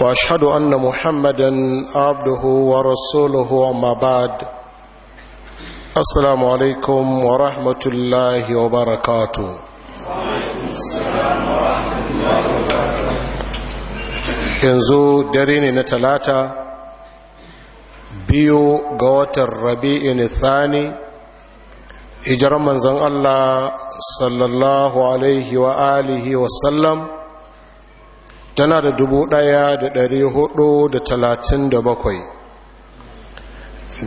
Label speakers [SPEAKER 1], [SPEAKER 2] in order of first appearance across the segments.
[SPEAKER 1] واشهد ان محمدا عبده ورسوله وما بعد السلام عليكم ورحمه الله وبركاته yanzu dare ne na talata biyu ga watan rabi'in thani hijirar manzon allah sallallahu alaihi wa alihi wasallam tana da dubu ɗaya da ɗari hudu da talatin da bakwai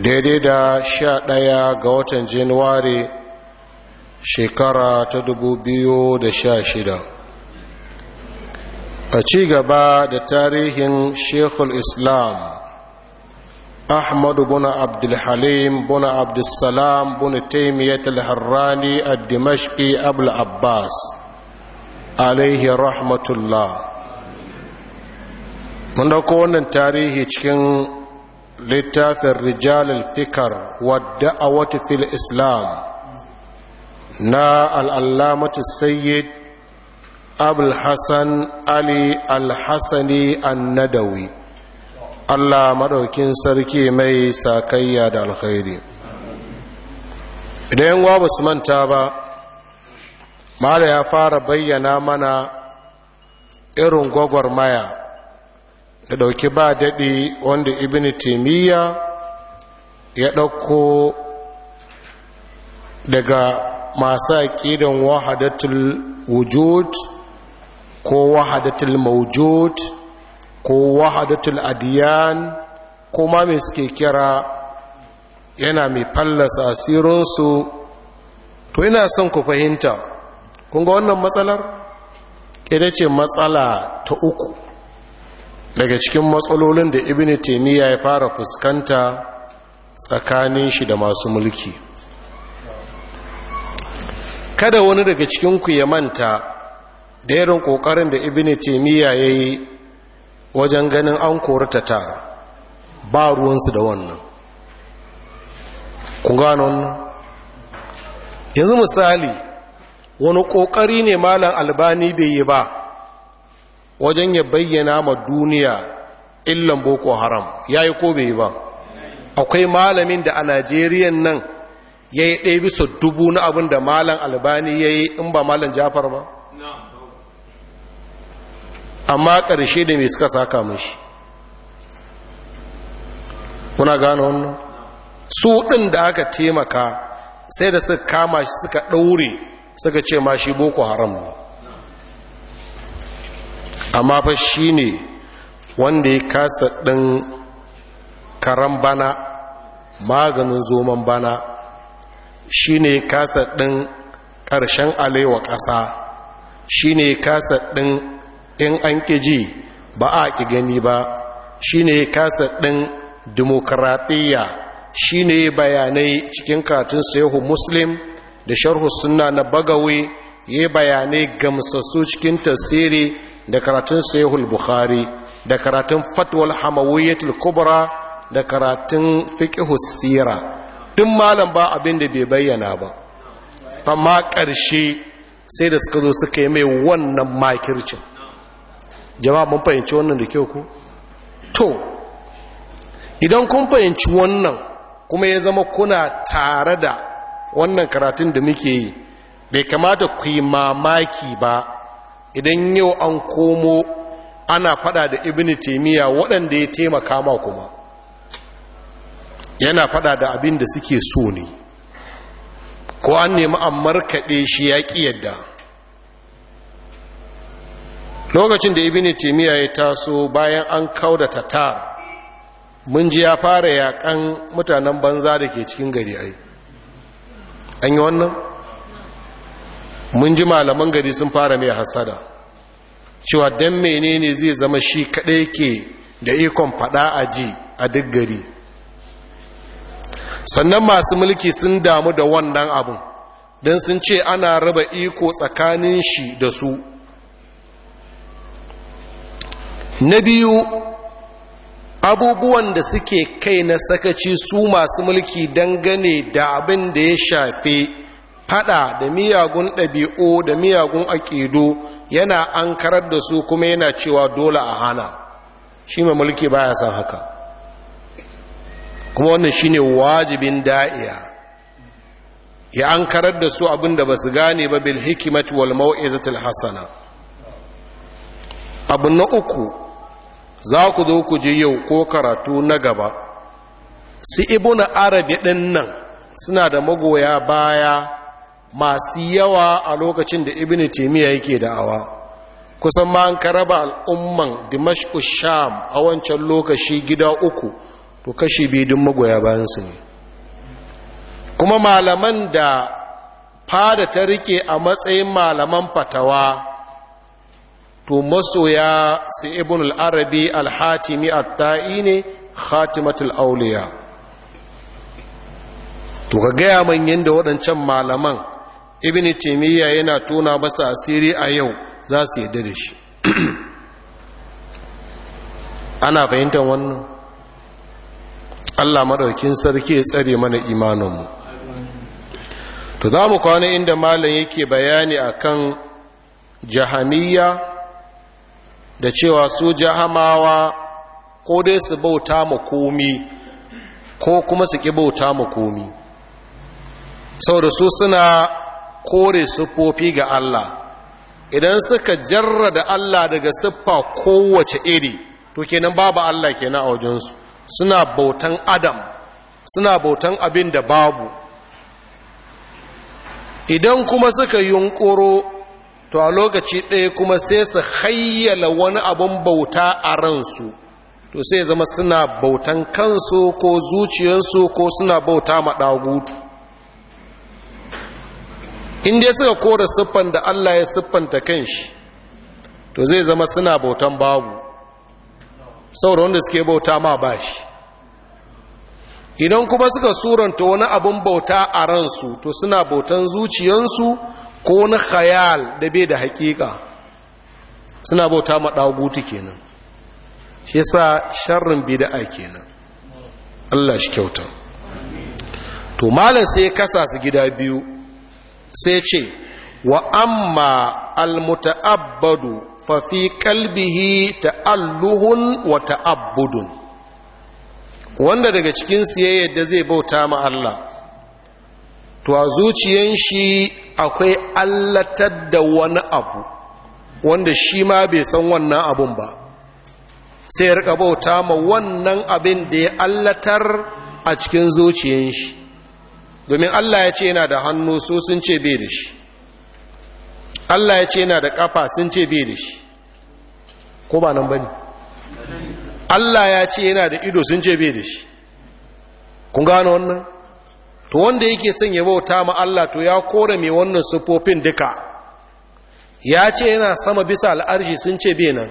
[SPEAKER 1] daidai da sha ɗaya ga watan januwari shekara ta dubu biyu da sha shida a ci gaba da tarihin shekul islam Ahmadu buna abdulhalim buna Abdulsalam buna السلام بن تيمية الهراني الدمشقي أبو abbas عليه رحمة mun dauko wannan tarihi cikin littafin rijalul fikar wadda a wata fil islam na al'allamatu sayyid abul hassan ali al-hassani annadawi allah maɗaukin sarki mai sakayya da alkhairi idan wa basu manta ba mala ya fara bayyana mana irin gwagwarmaya da ɗauki ba daɗi wanda ibn Timiyya ya ɗauko daga masu aƙidan wahadatul wujud ko wahadatul maujud ko wahadatul adiyan ko ma mai suke kira yana mai fallasa asirinsu to ina son ku fahimta kunga wannan matsalar ita ce matsala ta uku daga cikin matsalolin da ibn taimiyya ya fara fuskanta tsakanin shi da masu mulki kada wani daga cikin ku ya manta da yarin kokarin da ibn taimiyya ya yi wajen ganin an kori tara, ba ruwansu da wannan ku gano wannan yanzu misali wani kokari ne malam albani bai yi ba wajen ya bayyana ma duniya illan boko haram ya yi ko bai ba akwai malamin da a najeriyan nan ya yi ɗaya bisa dubu na abin da malam albani ya yi in ba malam jafar ba amma ƙarshe da mai suka saka mashi kuna gano wannan su ɗin da aka taimaka sai da suka kama shi suka ɗaure suka ce ma shi boko haram ne amma fa shi ne wanda ya kasa ɗin karan bana maganin zoman bana shi ne ya kasa ɗin ƙarshen alewa ƙasa shi ne ya kasa ɗin in an ƙiji ba a ƙi gani ba shi ne ya kasa ɗin dimokuraɗiyya shi ne bayanai cikin katin sayahu muslim da sharhu suna na Bagawe ya bayanai gamsassu cikin tasiri da karatun sayhul bukhari da karatun fatwal hamawiyatul kubra da karatun fiqhus sira duk malam ba abin da bai bayyana ba amma ƙarshe sai da suka zo suka yi mai wannan makircin jama'a mun fahimci wannan da kyau ku to idan kun fahimci wannan kuma ya zama kuna tare da wannan karatun da muke yi bai kamata ku yi mamaki ba idan yau an komo ana fada da ibn taimiyya waɗanda ya taimaka ma kuma yana fada da abin da suke so ne ko an nemi an markaɗe shi ya ƙi yadda lokacin da ibn taimiyya ya taso bayan an kauda tatar mun ji ya fara yaƙan mutanen banza da ke cikin gari ai an yi wannan mun ji malaman gari sun fara mai hasada cewa don menene zai zama shi kaɗai ke da ikon faɗa a ji a duk gari sannan masu mulki sun damu da wannan abin don sun ce ana raba iko tsakanin shi da su na biyu abubuwan da suke kai na sakaci su masu mulki dangane da abin da ya shafe hada da miyagun ɗabi'u da miyagun aƙidu yana an karar da su kuma yana cewa dole a hana shi mai mulki baya san haka kuma wannan shine wajibin da'iya ya an karar da su abinda ba su gane ba bil hikimat wal mau'izatul hasana abu na uku za ku zo ku je yau ko karatu na gaba su ibuna arabi din nan suna da magoya baya masu yawa a lokacin da ibn taimiyya yake da'awa kusan ma an karaba al'umman dimashku sham a wancan lokaci gida uku to kashi biyu magoya bayan su ne kuma malaman da fada ta rike a matsayin malaman fatawa to masoya su ibn al-arabi al-hatimi at-ta'i ne khatimatul auliya to ka gaya manyan da waɗancan malaman ibini taimiyya yana tona masa asiri a yau za su yi da shi ana fahimtar wannan allah maɗaukin sarki ya tsare mana imaninmu to za mu kwana inda malam yake bayani akan jahamiyya da cewa su jahamawa ko dai su bauta ma komi ko kuma su ƙi bauta ma komi saboda su suna kore siffofi ga Allah idan suka jarra da Allah daga siffa kowace iri to kenan babu Allah kenan a wajensu suna bautan adam suna bautan abin da babu idan kuma suka yunkuro to a lokaci ɗaya kuma sai su hayyala wani abin bauta a ransu to sai zama suna bautan kansu ko zuciyarsu ko suna bauta ma in dai suka kora siffan da Allah ya siffanta kan shi, to zai zama suna bautan babu saboda wanda suke bauta ma ba shi idan kuma suka suranta wani abin bauta a ransu to suna bautan zuciyansu ko wani khayal da bai da hakika suna bauta ma dagutu kenan shi sa sharrin bidaa kenan Allah shi kyauta to malam sai kasa su gida biyu sai ce wa amma almuta'abbadu fa fi kalbihi ta'alluhun wa ta'abbudun wanda daga cikin ya da zai bauta ma Allah to a zuciyan shi akwai allatar da wani abu wanda shi ma bai san wannan abun ba sai ya rika bauta ma wannan abin da ya allatar a cikin zuciyan shi domin Allah ya ce yana da hannu su sun ce bai da shi Allah ya ce yana da kafa sun ce bai da shi ko ba nan bane Allah ya ce yana da ido sun ce bai da shi kun gano wannan to wanda yake son ya bauta ma Allah to ya kore mai wannan sufofin duka ya ce yana sama bisa al'arshi sun ce bai nan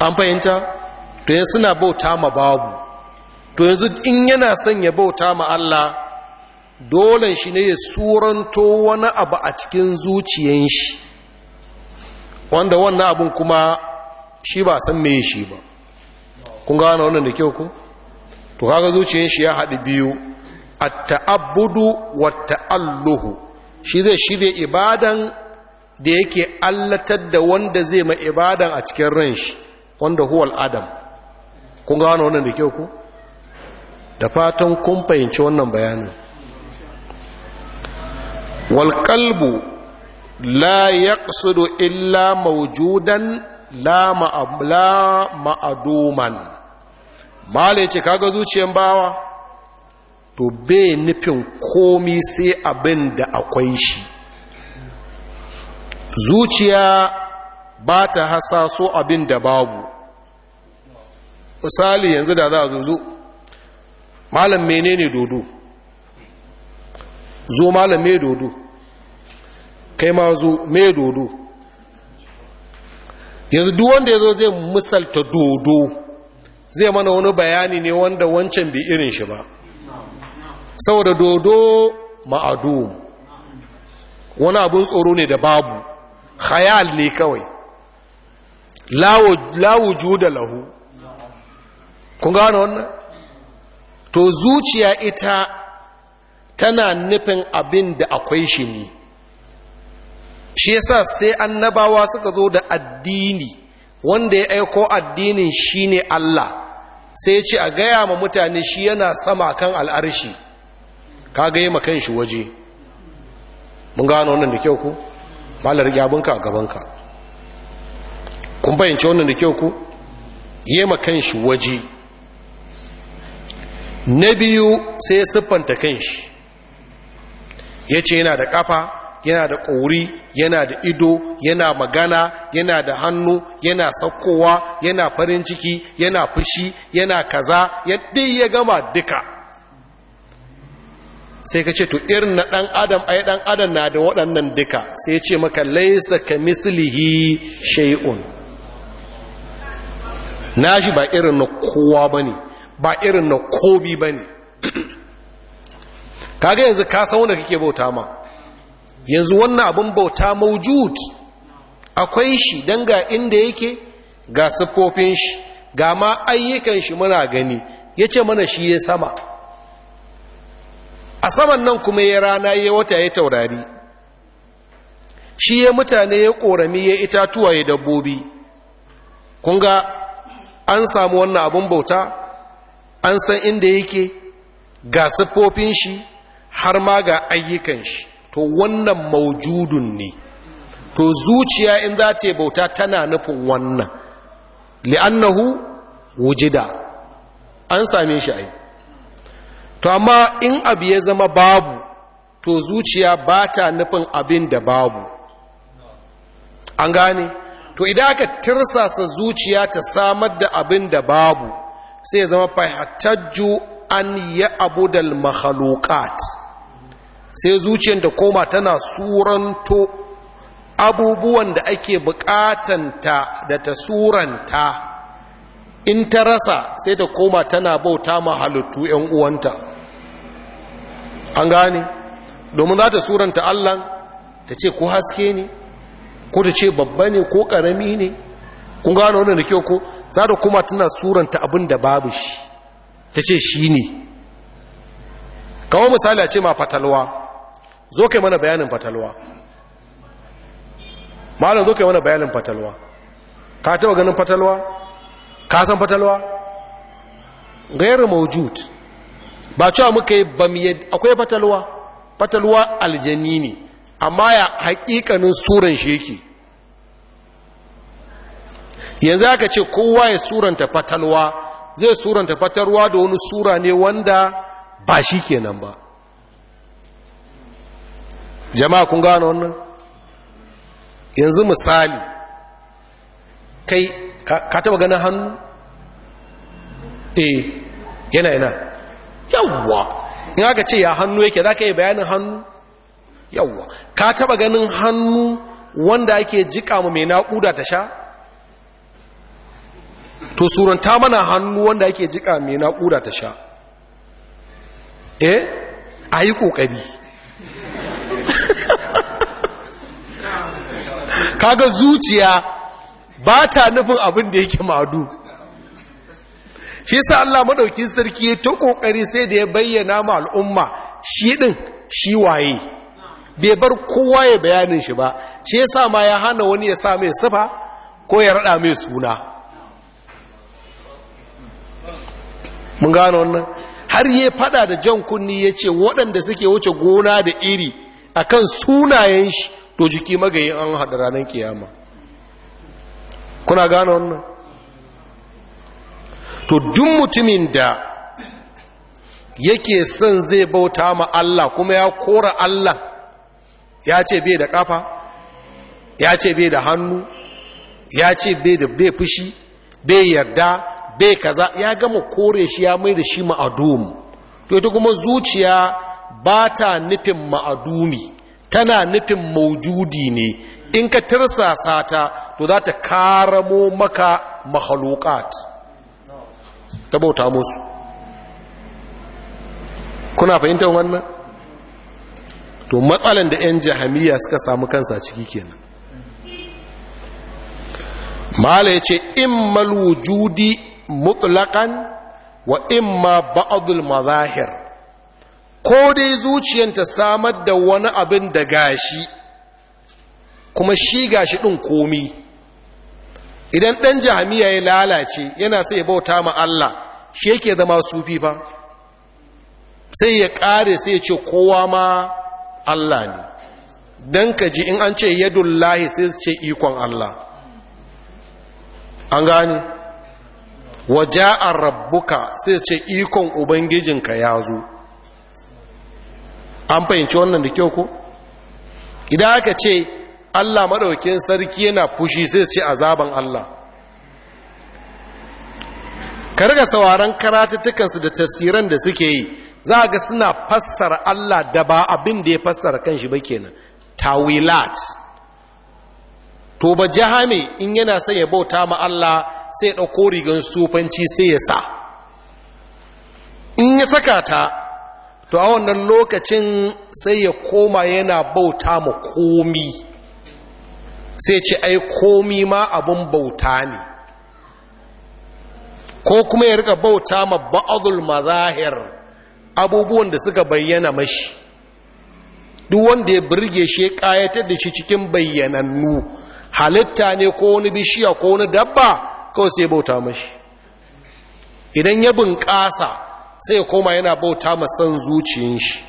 [SPEAKER 1] an fahimta to ya suna bauta ma babu to yanzu in yana son ya bauta ma Allah dole shi ne ya suranto wani abu a cikin zuciyan shi wanda wannan abin kuma shi ba san me shi ba kun gane wannan da kyau ku to kaga zuciyan shi ya haɗu biyu at-ta'abbudu wa ta'alluhu shi zai shirya ibadan da yake allatar da wanda zai ma ibadan a cikin ran shi wanda huwal adam kun gane wannan da kyau ku da fatan kun fahimci wannan bayanin walƙalbu la yaqsudu illa maujudan la ma'aduman male ce kaga zuciyar bawa to bai nufin komi sai abinda akwai shi zuciya ba ta hasaso abinda babu misali yanzu da za a zuzu malam menene dodo zo malam me dodo kai ma zo me dodo yanzu duk wanda ya zo zai misalta dodo zai mana wani bayani ne wanda wancan bi irin shi ba saboda dodo ma'adu wani abin tsoro ne da babu khayal ne kawai lawo da lahu kun gano wannan to zuciya ita tana nufin abin da akwai shi ne shi yasa sai annabawa suka zo da addini wanda ya aiko addinin shi ne Allah sai ce a gaya ma mutane shi yana sama kan al'arshi ka gaya ma kan shi waje mun gano wannan da kyau ku malar yabinka a gabanka kun bayyance wannan da kyau ku yi ma kan shi waje na biyu sai ya siffanta kanshi ya ce yana da ƙafa yana da ƙori yana da ido yana magana yana da hannu yana saukowa yana farin ciki yana fushi yana kaza yadda ya gama duka sai ka ce to irin na ɗan adam ai ɗan adam na da waɗannan duka sai ya ce maka laisa ka mislihi shay'un shi ba irin na kowa ba ne. ba irin na kobi ba ne kaga yanzu ka san wanda kake bauta ma yanzu wannan abin bauta maujud akwai shi don ga inda yake ga siffofin shi ga ma ayyukan shi muna gani ya ce mana shi ya sama a saman nan kuma ya rana ya wata ya taurari shi ya mutane ya korami ya itatuwa ya dabbobi kunga an samu wannan abin bauta an san inda yake ga siffofin shi har ma ga ayyukan shi to wannan maujudun ne to zuciya in za ta bauta tana nufin wannan li'annahu wujida an same shi ai to amma in abu ya zama babu to zuciya ba ta nufin abin da babu an gane to idan aka tirsasa zuciya ta samar da abin da babu sai ya zama fahimtajju an ya abudal Mahalukat, sai zuciyar da koma tana suranto abubuwan da ake bukatanta da ta suranta in ta rasa sai ta koma tana bauta ma 'yan uwanta an gane domin za ta suranta allah ta ce ko haske ne ko ta ce babba ne ko ƙarami ne kun gano wannan da kyau ko za da kuma tana suranta abin da babu shi ta ce shi ne kawo misali a ce ma fatalwa zo kai mana bayanin fatalwa malam zo kai mana bayanin fatalwa ka taba ganin fatalwa ka san fatalwa gairu mawujud ba cewa muka yi bamiyar akwai fatalwa fatalwa aljani ne amma ya haƙiƙanin suran shi yake yanzu aka ce kowa ya suranta fatalwa zai suranta fatalwa da wani sura ne wanda ba shi kenan ba jama'a kun gano wannan yanzu misali kai ka taba ganin hannu eh yana yana yawwa in aka ce ya hannu yake za ka yi bayanin hannu yawwa ka taba ganin hannu wanda ake jika mu mai na'uda ta sha to suranta mana hannu wanda ake jika mai naƙuda ta sha eh a yi ƙoƙari kaga zuciya ba ta nufin abin da yake madu shi sa Allah madaukin sarki ta kokari sai da ya bayyana ma al'umma shi din shi waye bai bar kowa ya bayanin shi ba shi ya sa ma ya hana wani ya sa mai sufa ko ya raɗa mai suna mun gano wannan har ya fada da jan kunni ya ce waɗanda suke wuce gona da iri a kan sunayen shi to jiki magayin an haɗa ranar kiyama kuna gano wannan to dun mutumin da yake son zai bauta ma Allah kuma ya kora Allah ya ce bai da ƙafa ya ce bai da hannu ya ce bai da bai fushi bai yarda bai kaza ya gama kore shi ya mai da shi ma'adumi to ita kuma zuciya ba ta nufin ma'adumi tana nufin maujudi ne in ka tirsasa ta to za ta karamo maka mahalukat ta bauta musu kuna fahimtar wannan to matsalan da 'yan jahamiya suka samu kansa ciki kenan mala ya ce in malwujudi mutlaƙan wa imma ba'adul mazahir ko dai zuciyanta samar da wani abin da gashi kuma shi gashi ɗin komi idan ɗan jahamiya ya lalace yana sai ya bauta ma Allah shi yake zama sufi ba sai ya ƙare sai ya ce kowa ma Allah ne don ka ji in an ce yadullahi sai su ce ikon Allah an gani waja'ar rabbuka sai ce ikon ubangijinka ya zo an fahimci wannan da kyau ko idan aka ce allah maɗaukin sarki yana fushi sai ce azaban allah karga sauraron karatattukansu da tafsiran da suke yi za ga suna fassara allah da ba abin da ya fassara shi ba kenan tawilat to ba jihami in yana son ya bauta ma allah sai ɗauko rigar sufanci sai ya sa in ya saka ta to a wannan lokacin sai ya koma yana bauta ma komi sai ce ai komi ma abin bauta ne ko kuma ya rika bauta ma ba'adul mazahir abubuwan da suka bayyana mashi duk wanda ya birge shi ya kayatar da shi cikin bayyanannu halitta ne ko wani bishiya ko wani dabba kawai sai bauta mashi idan ya bunƙasa sai ya koma yana bauta masan zuciyin shi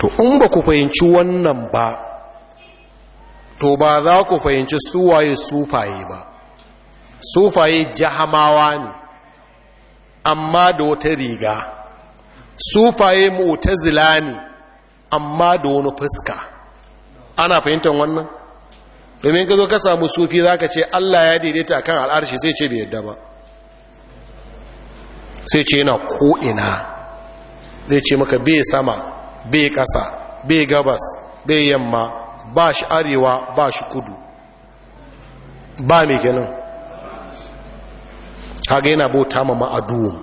[SPEAKER 1] to in ba ku fahimci wannan ba to ba za ku fahimci suwaye sufaye ba sufaye jahamawa ne amma da wata riga sufaye ta ne amma da wani fuska ana fahimtar wannan domin ka zo ka samu sufi za ka ce allah ya daidaita kan al'arshi sai ce bai yadda ba sai ce yana ko'ina zai ce maka bai sama bai kasa bai gabas bai yamma ba shi arewa ba shi kudu ba mai ganin. haga yana bauta ma ma'aduwun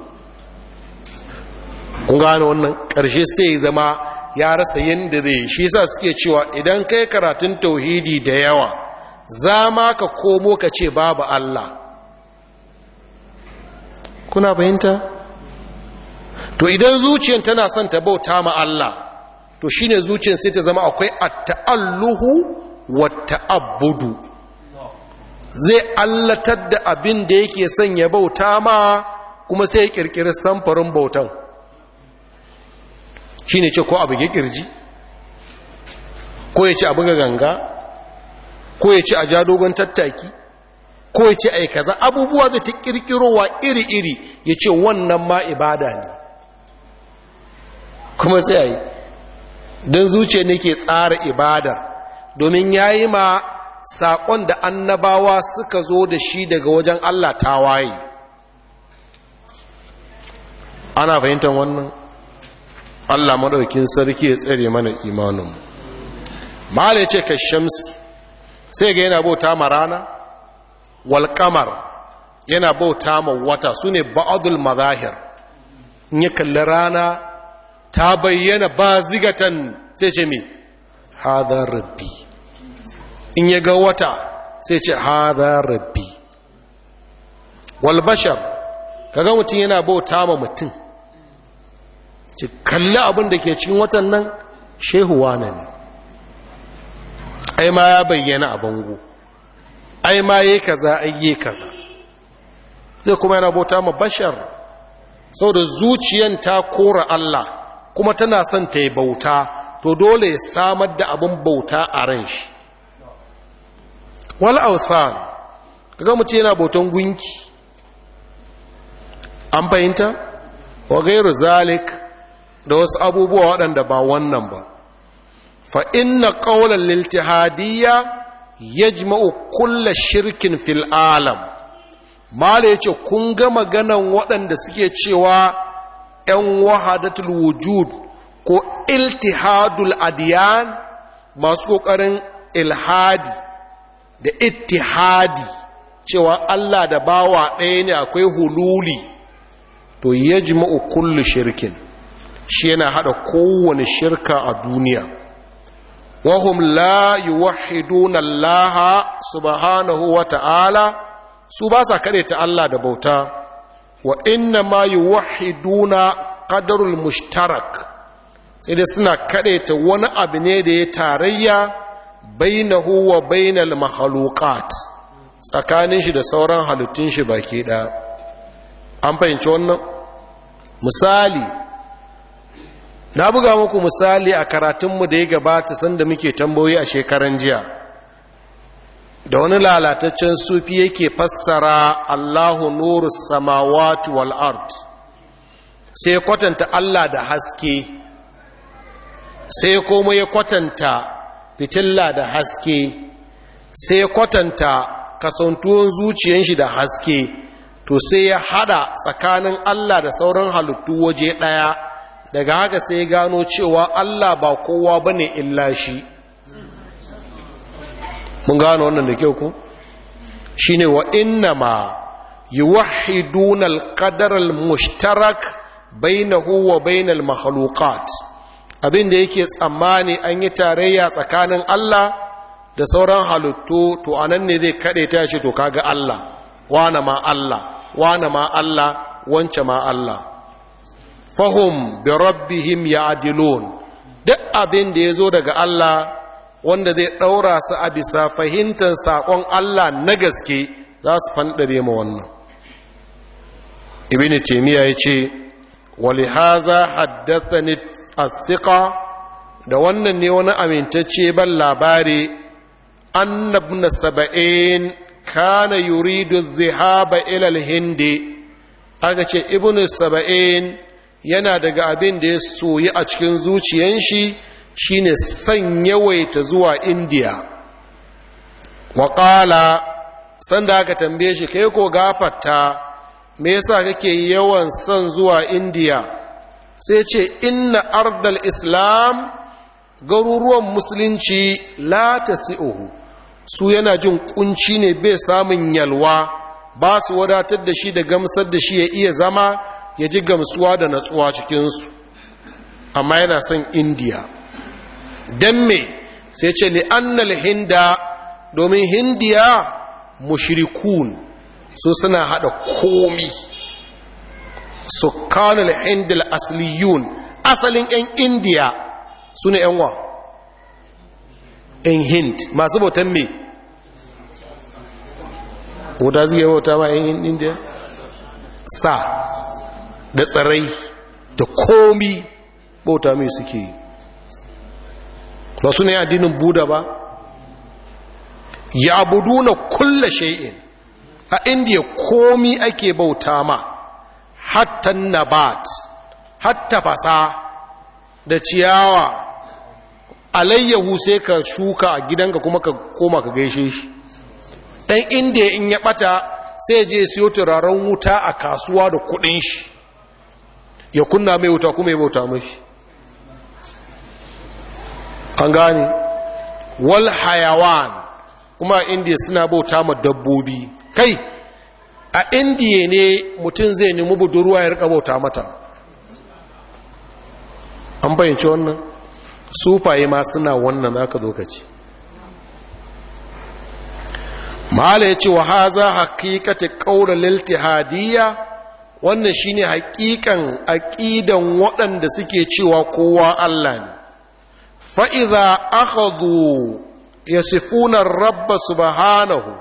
[SPEAKER 1] kun gane wannan ƙarshe sai zama ya rasa yadda zai shi sa suke cewa idan kai karatun tauhidi da yawa za ma ka komo ka ce babu Allah kuna bayanta to idan zuciyar tana son ta bauta ma Allah to shi ne zuciyar sai ta zama akwai a taalluhu wa ta'abbudu zai allatar da abin da yake son ya bauta ma kuma sai ya kirkiri samfarin bautan shi ne ce ko abu ya kirji ko ya ce abu ga ganga ko ya ce a ja dogon tattaki ko ya ce a yi kaza abubuwa da ta kirkirowa iri-iri ya ce wannan ma ibada ne kuma sai a yi don zuciya ne ke tsara ibadar domin ya yi ma saƙon da annabawa suka zo da shi daga wajen allah ta waye. ana fahimtar wannan Allah maɗaukin sarki ya tsare mana imaninmu mu ya ce ka shamsi sai ga yana bauta ma rana walƙamar yana bauta ma wata su ne ba'adul mazahir in ya kalli rana ta bayyana ba zigatan sai ce mai haɗa rabbi in ya ga wata sai ce haɗa rabbi walbashar kaga mutum yana bauta ma mutum ce kalli abin da ke cikin watan nan shehu wane ne ai ma ya bayyana a bango ai ma yi kaza ai yi kaza zai kuma yana bauta ma bashar sau da zuciyan ta kora Allah kuma tana son ta yi bauta to dole ya samar da abin bauta a ran shi wal ausan kaga mutum yana bautan gunki an fahimta wa gairu zalik da wasu abubuwa waɗanda ba wannan ba fa inna ƙaunar liltihadiyya ya jima'u kulla shirkin fil alam mala ya ce kun ga maganan waɗanda suke cewa 'yan wahadatul wujud ko iltihadul adiyan masu ƙoƙarin ilhadi da ittihadi cewa Allah da bawa ɗaya ne akwai hululi to ya jima'u kullu shirkin shi yana hada kowane shirka a duniya wahum la yuwahhiduna Allah subhanahu wa ta'ala su ba sa kare Allah da bauta wa inna ma yuwahhiduna kadarul mushtarak sai dai suna kare wani abu ne da ya tarayya bainahu wa bainal mahalukat tsakanin shi da sauran halittun shi baki ɗaya an fahimci wannan misali na buga muku misali a karatunmu da ya gabata sanda muke tambayoyi a shekaran jiya da wani lalataccen sufi yake fassara allahu nuru samawatu wal art. sai kwatanta allah da haske sai kuma ya kwatanta fitilla da haske sai kwatanta kasantuwan zuciyan shi da haske to sai ya hada tsakanin allah da sauran halittu waje ɗaya daga haka sai gano cewa Allah ba kowa ba ne illa shi mun gano wannan da kyau ko ne wa innama yuwahhiduna al-qadar mushtarak bainahu wa bainal makhluqat abin da yake tsammani an yi tarayya tsakanin Allah da sauran halittu to anan ne zai kade ta shi to kaga Allah Wane ma Allah Wane ma Allah wance ma Allah fahum bi rabbihim ya'dilun duk abin da zo daga Allah wanda zai ɗaura su a bisa fahimtar saƙon Allah na gaske za su fanɗare ma wannan ibnu taymiya yace walihaza ni ni siqa da wannan ne wani amintacce ban labari annabna saba'in kana yuridu dhahaba ila hindi aka ce ibini saba'in yana daga abin da ya soyi a cikin zuciyan shi ne san yawaita zuwa indiya waƙala sanda aka tambaye shi kai ko gafarta me yasa kake yawan son zuwa indiya sai ce inna ardal islam garuruwan musulunci la tasi'uhu su yana jin kunci ne bai samun yalwa ba su wadatar da shi da gamsar da shi ya iya zama ya ji gamsuwa da natsuwa cikinsu amma yana son indiya don me sai ce ni annal hinda domin hindiya mushrikun su suna hada komi sukanul hindil asliyun asalin 'yan indiya su ne 'yan wa 'yan hind masu bautan me wuta zai bauta ma 'yan indiya sa da tsarai da komi bauta mai suke yi ba su ne addinin buda ba ya budu na kulle shai'in a indiya komi ake bauta ma hatta nabat hatta fasa da ciyawa alayyahu sai ka shuka a gidanka kuma ka koma ka gaishe shi ɗan indiya in ya ɓata sai je siyo turaren wuta a kasuwa da kuɗin shi ya kunna mai wuta kuma ya bauta mashi an gane wal hayawan kuma a indiya suna bauta ma dabbobi kai a indiya ne mutum zai nemi budurwa ya rika bauta mata an bayyance wannan sufaye ma suna wannan aka lokaci mahala ya ce wa haza hakikati ƙaunar liltihadiyya wannan shi shine haƙiƙan aƙidan waɗanda suke cewa kowa Allah ne fa'iza akhadhu sifunan rabba subhanahu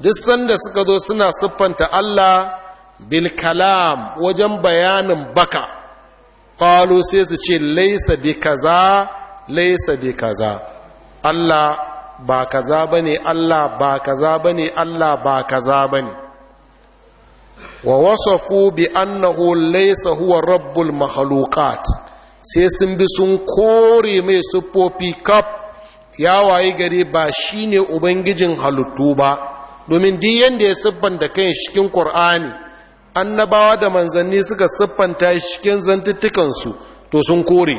[SPEAKER 1] duk sanda suka zo suna siffanta Allah bil kalam wajen bayanin baka ƙwalo sai su ce laisa bi kaza laisa bi kaza Allah ba kaza bane Allah ba kaza bane Allah ba kaza bane wa wasafu bi annahu laysa huwa rabbul makhluqat sai sun bi sun kore mai siffofi kaf ya waye gari ba shine ubangijin halittu ba domin duk yanda ya siffanta kai cikin qur'ani annabawa da manzanni suka siffanta cikin zantuttukan su to sun kore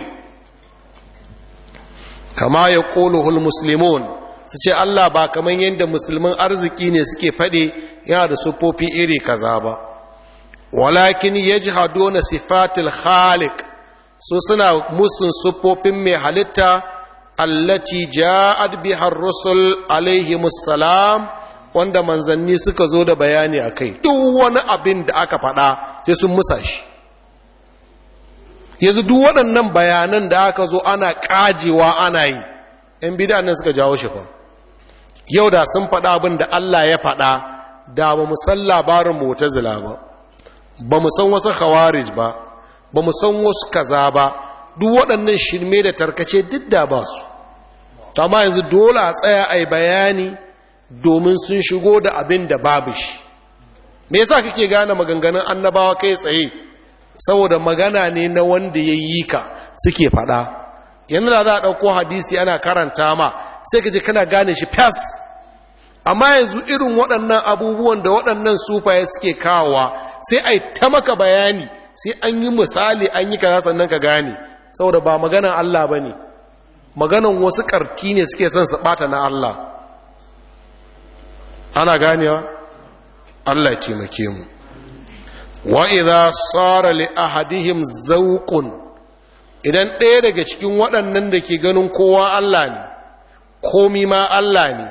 [SPEAKER 1] kama ya al muslimun su ce Allah ba kamar yadda musulman arziki ne suke faɗe yana da sufofi iri kaza ba walakin Haduna sifatil khaliq su suna musun sufofin mai halitta allati ja'ad biha rusul alaihi salam wanda manzanni suka zo da bayani a kai duk wani abin da aka faɗa sai sun musa shi yanzu duk waɗannan bayanan da aka zo ana ƙajewa ana yi ‘yan bida nan suka jawo shi yau da sun faɗa abin da Allah ya faɗa da ba mu san labarin mutazila ba ba mu san wasu khawarij ba ba mu san wasu kaza ba duk waɗannan shirme da tarkace duk da ba su ma yanzu dole a tsaya a yi bayani domin sun shigo da abin da babu shi me yasa kake gane maganganun annabawa kai tsaye saboda magana ne na wanda ya yi ka suke faɗa yanzu da za a ɗauko hadisi ana karanta ma sai ka je kana gane shi fas amma yanzu irin waɗannan abubuwan da waɗannan sufaye suke kawowa sai a yi ta maka bayani sai an yi misali an yi kaza sannan ka gane saboda ba magana Allah ba ne maganan wasu ƙarti ne suke son su ɓata na Allah ana ganewa Allah ya taimake mu wa idza li ahadihim zaukun. idan ɗaya daga cikin waɗannan da ke ganin kowa Allah ne komi ma Allah ne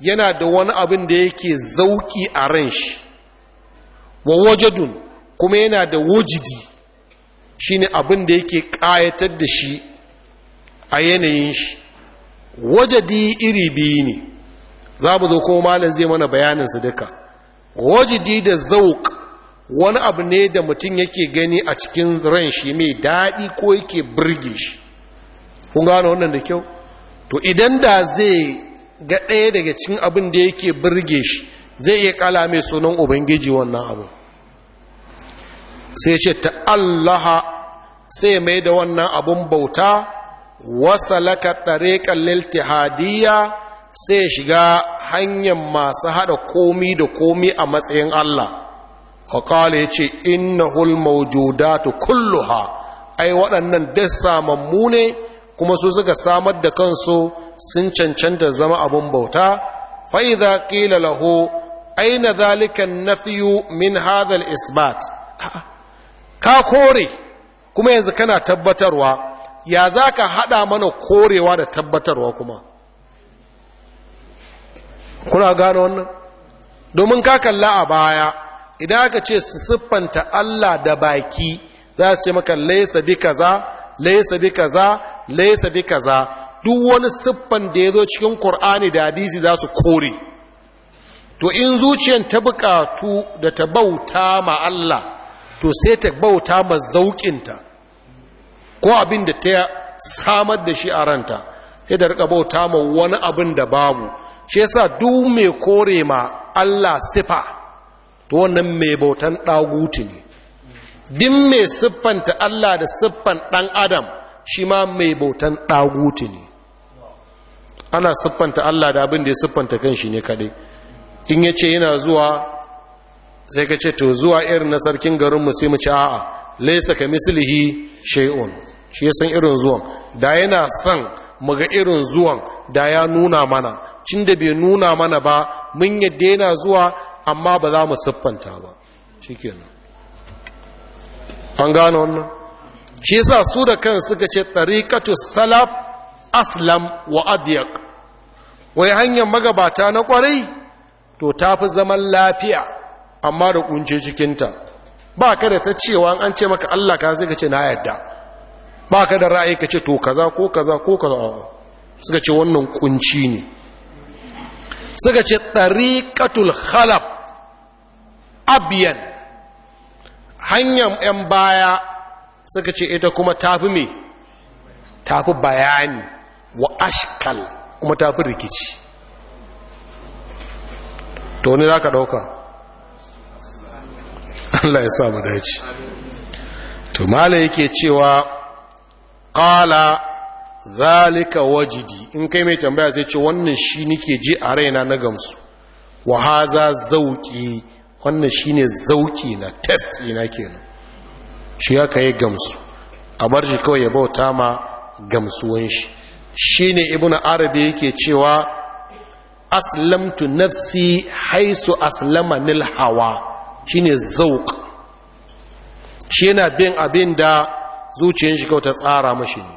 [SPEAKER 1] yana da wani abin da yake zauki a ran shi wa wajadun kuma yana da wujidi shine abin da yake ƙayatar da shi a yanayin shi wajadi iri biyu ne za mu zo kuma malam zai mana bayanin bayaninsa duka wajidi da zauk wani abu ne da mutum yake gani a cikin ran shi mai daɗi ko yake birge shi kun gano wannan da kyau to idan da zai ga ɗaya daga cikin abin da yake birge shi zai iya kala mai sunan ubangiji wannan abu sai ce Allaha, sai mai da wannan abun bauta wasalaka tariqal Hadiyya, sai shiga hanyar masu haɗa komi da komi a matsayin Allah waƙala ya ce innahul ta kulluha ai waɗannan dasa samammu ne kuma su suka samar da kansu sun cancanta zama abin bauta za ƙila laho aina zalikan na nafiyu min hadal isbat ka kore kuma yanzu kana tabbatarwa ya za ka haɗa mana korewa da tabbatarwa kuma kuna gano wannan domin ka kalla a baya idan aka ce su siffanta Allah da baki za su ce maka laisa bi kaza laisa bi kaza laisa bi kaza duk wani siffan da ya zo cikin Kur'ani da hadisi za su kore to in zuciyan ta bukatu da ta bauta ma Allah to sai ta bauta ma zauƙinta ko abin da ta samar da shi a ranta sai da rika bauta ma wani abin da babu shi yasa duk mai kore ma Allah sifa to wannan mai bautan ɗaguti ne din mai siffanta Allah da siffan ɗan adam shi ma mai bautan ɗaguti ne ana siffanta Allah da abin da ya siffanta kan shi ne kaɗai in ya ce yana zuwa sai ka ce to zuwa irin na sarkin garinmu sai mu ci a'a laisa ka mislihi shay'un shi ya san irin zuwan da yana san mu ga irin zuwan da ya nuna mana cin da bai nuna mana ba mun yadda yana zuwa amma ba za mu siffanta ba shikenan an gano wannan shi yasa su da kan suka ce tariqatu salaf aslam wa adyaq wai hanyar magabata na kwarai to tafi zaman lafiya amma da kunce cikinta ba ka da ta cewa an ce maka Allah ka zai ka ce na yadda. ba ka da ra'ayi ka ce to kaza ko kaza ko kaza suka ce wannan kunci ne suka ce tariqatul khalaf abyan hanyar 'yan baya suka ce ita kuma tafi me tafi bayani wa ashkal kuma tafi rikici to ne za ka ɗauka Allah ya samu dace to mala yake cewa ƙala zalika wajidi in kai mai tambaya sai ce wannan shi nike ji a raina na gamsu wa haza zauki wannan shi ne zauki na test ina kenan shi ya ya gamsu a bar shi kawai ya bauta ma gamsuwan shi Shi ne ibnu arabi yake cewa aslamtu nafsi haisu aslama nil hawa ne zauk shi yana bin abin da zuciyar shi kawai ta tsara mashi ne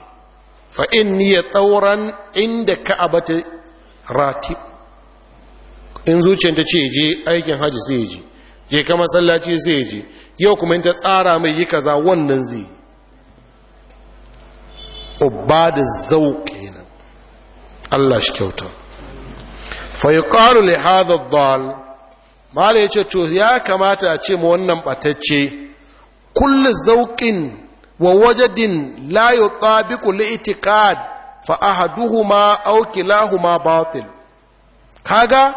[SPEAKER 1] fa ni ya tsauran inda ka'abata rati in zuciyar ta ce je aikin hajji sai je je ka masallaci zai je yau kuma in ta tsara mai yi kaza wannan zai yi da zau kenan Allah shi kyauta fa yuqalu li hadha ad-dal yace to ya kamata a ce ma wannan ɓatacce. kullu zauƙin wa wajadin la yutabiqu li itiqad fa auki lahu ma batil kaga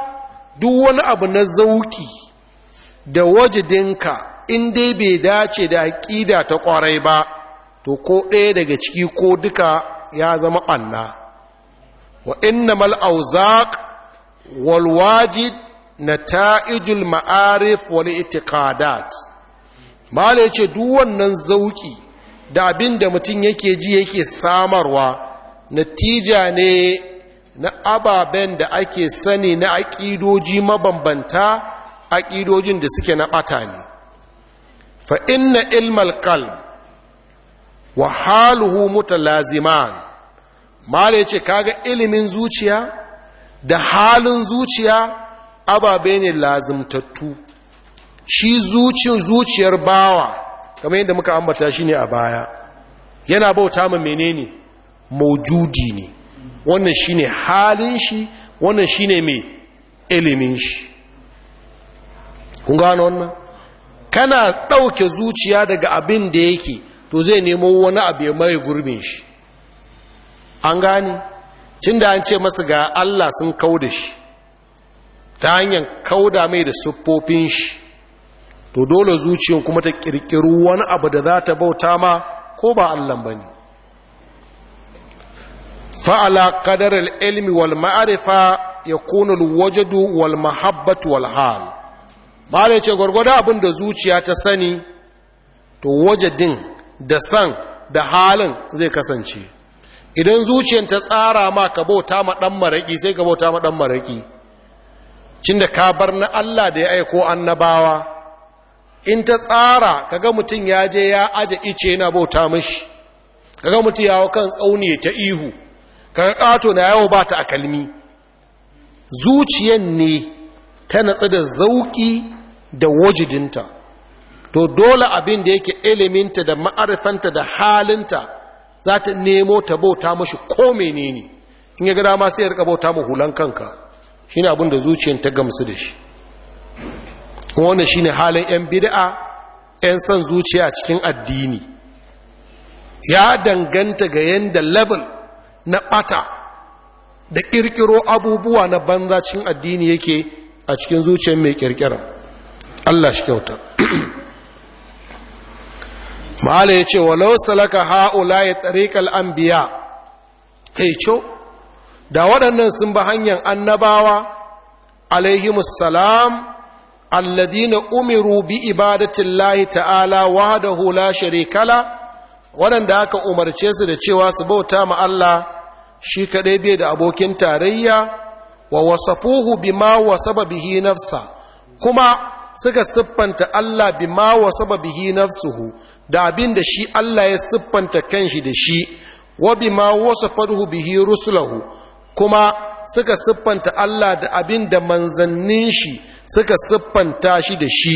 [SPEAKER 1] duk wani abu na zauƙi. da wajidinka in dai bai dace da aƙida ta ƙwarai ba to ko ɗaya daga ciki ko duka ya zama ɓanna wa inna mal'auzak walwajid na ta'ijul ma'arif wani itikadat ma ce duk wannan zauki da abin da mutum yake ji yake samarwa natija ne na ababen da ake sani na aƙidoji mabambanta aƙidojin da suke na ɓata ne fa inna ilmal qalb wa haluhu mutalaziman mala ce kaga ilimin zuciya da halin zuciya ababe ne lazimtattu shi zuciyar zuciyar bawa kamar yadda muka ambata shi ne a baya yana bauta ma menene maujudi ne wannan shine halin shi wannan shine mai ilimin shi kun gano wannan kana ɗauke zuciya daga abin da yake to zai nemo wani abu ya mai gurbin shi an gane cin da an ce masu ga Allah sun kau da shi ta hanyar kauda mai da siffofin shi to dole zuciyar kuma ta ƙirƙiru wani abu da za ta bauta ma ko ba Allah ba ne fa'ala ƙadar ilmi wal ma'arifa ya kunul wajadu wal mahabbatu wal hal mala ya ce gwargwada abin da zuciya ta sani to wajadin da san da halin zai kasance idan zuciyar ta tsara ma ka bauta ma ɗan maraƙi sai ka bauta ma ɗan maraƙi Cinda ka bar na Allah da ya aiko annabawa in ta tsara kaga mutum ya je ya aje ice yana bauta mashi kaga mutum yawo kan tsauni ta ihu kaga ƙato na yawo ba ta akalmi zuciyan ne ta natsu da zauƙi da wajidinta to dole abin da yake iliminta da ma'arifanta da halinta za ta nemo ta bauta mashi ko menene in ya gada ma sai ya bauta ma hulan kanka shine abin da zuciyar ta gamsu da shi wannan shine halin yan bida'a yan son zuciya cikin addini ya danganta ga yanda level na bata da kirkiro abubuwa na banza cikin addini yake a cikin zuciyar mai kirkira Allah shi kyauta ma'ala ya ce walau salaka ha'ula ya tsarikal an biya co da waɗannan sun ba hanyar annabawa alaihimussalam alladina umiru bi ibadatin lahi ta'ala wahdahu la sharikala waɗanda aka umarce su da cewa su bauta ma Allah shi kaɗai bai da abokin tarayya wa wasafuhu bima wasaba bihi nafsa kuma suka siffanta Allah bi ma wa sababihi nafsuhu da abin da shi Allah ya siffanta kanshi da shi wa bi ma wasafahu bihi rusulahu kuma suka siffanta Allah da abin da manzannin shi suka siffanta shi da shi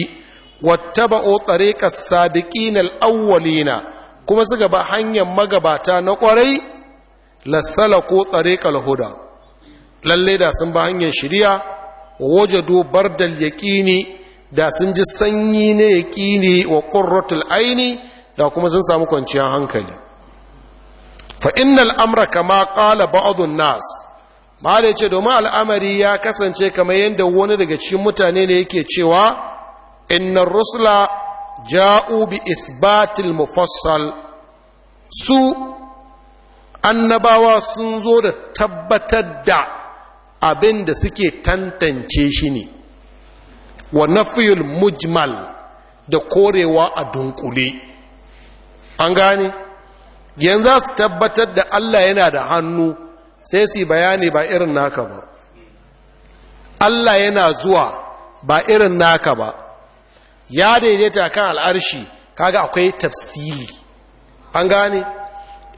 [SPEAKER 1] wattaba'u tariqas sabiqin al-awwalina kuma suka ba hanyar magabata na kwarai lasalaku tariqal huda lalle da sun ba hanyar shari'a wajadu bardal yaqini da sun ji sanyi ne ne wa qurratul aini da kuma sun samu kwanciyar hankali fa innal amra kama ƙala ba’adun nas mala ce domin al'amari ya kasance kamar yadda wani daga cikin mutane ne yake cewa innar rusula ja'u bi isbatil mufassal su annabawa sun zo da tabbatar da abin da suke tantance shi ne wa nafiyul mujmal da korewa a dunkule an gane yanzu su tabbatar da Allah yana da hannu sai su bayani ba irin naka ba Allah yana zuwa ba irin naka ba ya daidaita kan al'arshi kaga akwai tafsili an gane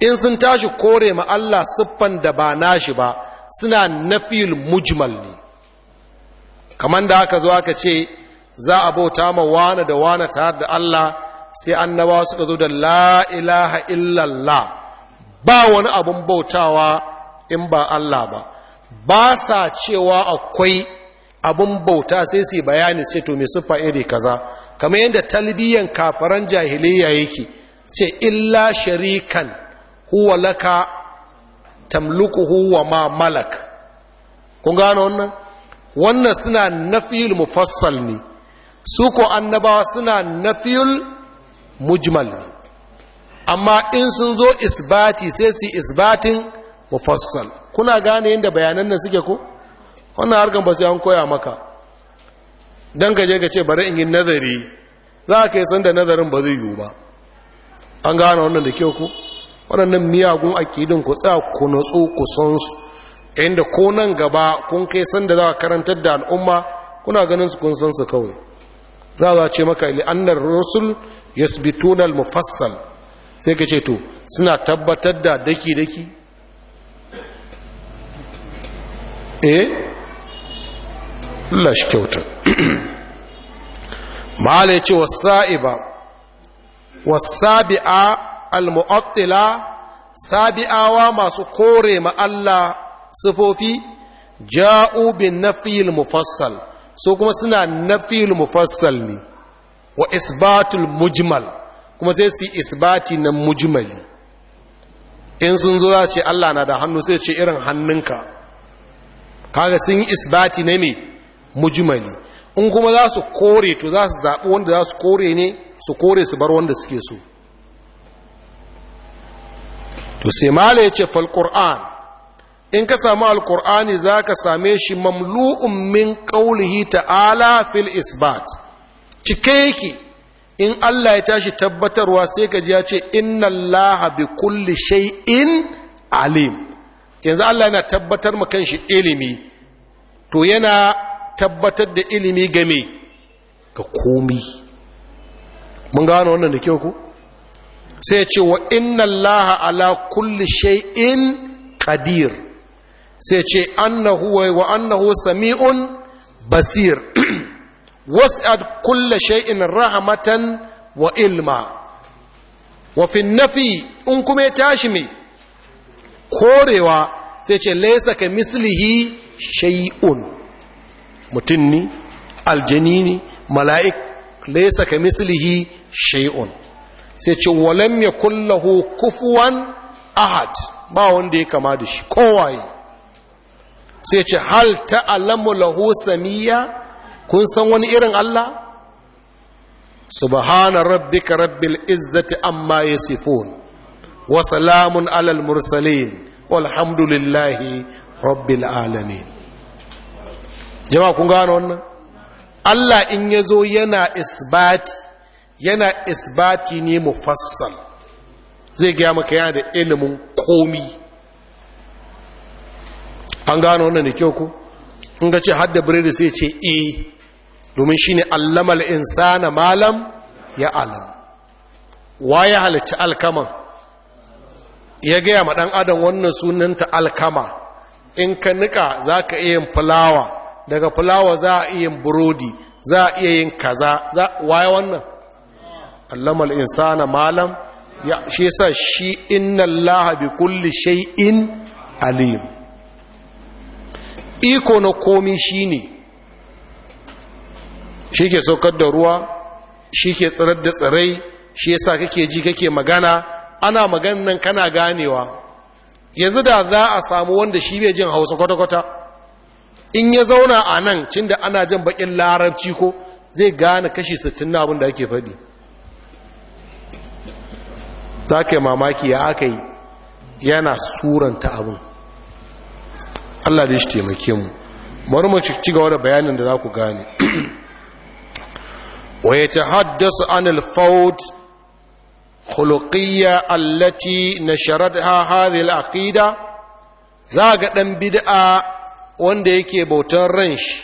[SPEAKER 1] in sun tashi kore ma Allah siffan da ba nashi ba suna nafiyul mujmal ne kamar da aka zo aka ce za a bauta ma wane da wane tare da Allah sai annabawa suka zo da la ilaha illallah ba wani abun bautawa in ba Allah ba ba sa cewa akwai abun bauta sai su bayani sai to me siffa iri kaza kamar yadda talbiyan kafaran jahiliya yake ce illa sharikan huwa laka tamluku huwa ma malak kun gano wannan wannan suna nafiyul mufassal ne su ko annabawa suna nafiyul mujmal ne amma in sun zo isbati sai su isbatin mufassal kuna gane yadda bayanan nan suke ko wannan harkar ba sai an koya maka don ka je ka ce bari in yi nazari za kai yi da nazarin ba zai yiwu ba an gane wannan da kyau ku waɗannan miyagun akidin ku tsaya ku natsu ku san su inda ko nan gaba kun kai sanda za a karantar da al'umma kuna ganin su kun san su kawai za a ce maka li'annar rusul yasbituna al-mufassal sai ka ce to suna tabbatar da daki daki eh Allah shi kyauta mala ya ce wasa'iba wasabi'a al-mu'attila sabi'awa masu kore ma Allah sifofi ja'u bin nafiyil mufassal so kuma suna nafiyil mufassal ne wa isbatul mujmal kuma sai su isbati na mujmali in sun zo za ce Allah na da hannu sai ce irin hannunka kaga sun yi isbati na mai mujmali in kuma za su kore to za su zaɓi wanda za su kore ne su kore su bar wanda suke so to sai mala ya ce falƙur'an in ka samu alkur'ani za ka same shi mamlu'un min ƙaulihi ta'ala fil isbat cike yake in Allah ya tashi tabbatarwa sai ka ji ya ce inna Allah bi kulli shay'in alim yanzu Allah yana tabbatar ma kanshi ilimi to yana tabbatar da ilimi game ga komi mun gano wannan da kyau ku sai ya ce wa inna Allah ala kulli shay'in qadir sai ce annahu wa annahu sami'un basir was'ad kulla shay'in rahmatan wa ilma wa fi nafi in kuma ya tashi me. korewa sai ce laysa ka mislihi shay'un mutum ni mala'ik laysa ka mislihi shay'un sai ce walam ya kullahu kufuwan ahad ba wanda ya kama da shi kowaye sai ce hal ta lahu samiyya kun san wani irin Allah subhana rabbika rabbil izzati amma yasifun wa salamun alal mursalin walhamdulillahi rabbil alamin jama'a kun gano wannan Allah in yazo yana isbati yana isbati ne mufassal zai gaya maka yana da ilimin komi an gano wannan da kyau ku in ga ce hadda biredi sai ce e domin shi ne. allamal insana malam ya alam ya halicci alkaman ya gaya ma dan adam wannan sunanta alkama in ka nika za ka iya yin fulawa daga fulawa za a iya yin burodi za a iya yin kaza waye wannan allamal insana malam ya shi yasa shi inna allaha bi kulli shay'in alim iko na komi shi ne shi ke saukar da ruwa shi ke tsirar da tsirai shi yasa kake ji kake magana ana maganan kana ganewa yanzu da za a samu wanda shi bai jin hausa kwata-kwata in ya zauna a nan cin da ana jin bakin larabci ko zai gane kashi 60 na abin da ake faɗi ta ke mamaki ya aka yi yana suranta abin Allah da shi taimake mu bari mu ci gaba da bayanin da za ku gane wa yatahaddasu anil fawd khuluqiyya allati nasharatha hadhihi al-aqida za ga dan bid'a wanda yake bautar ran shi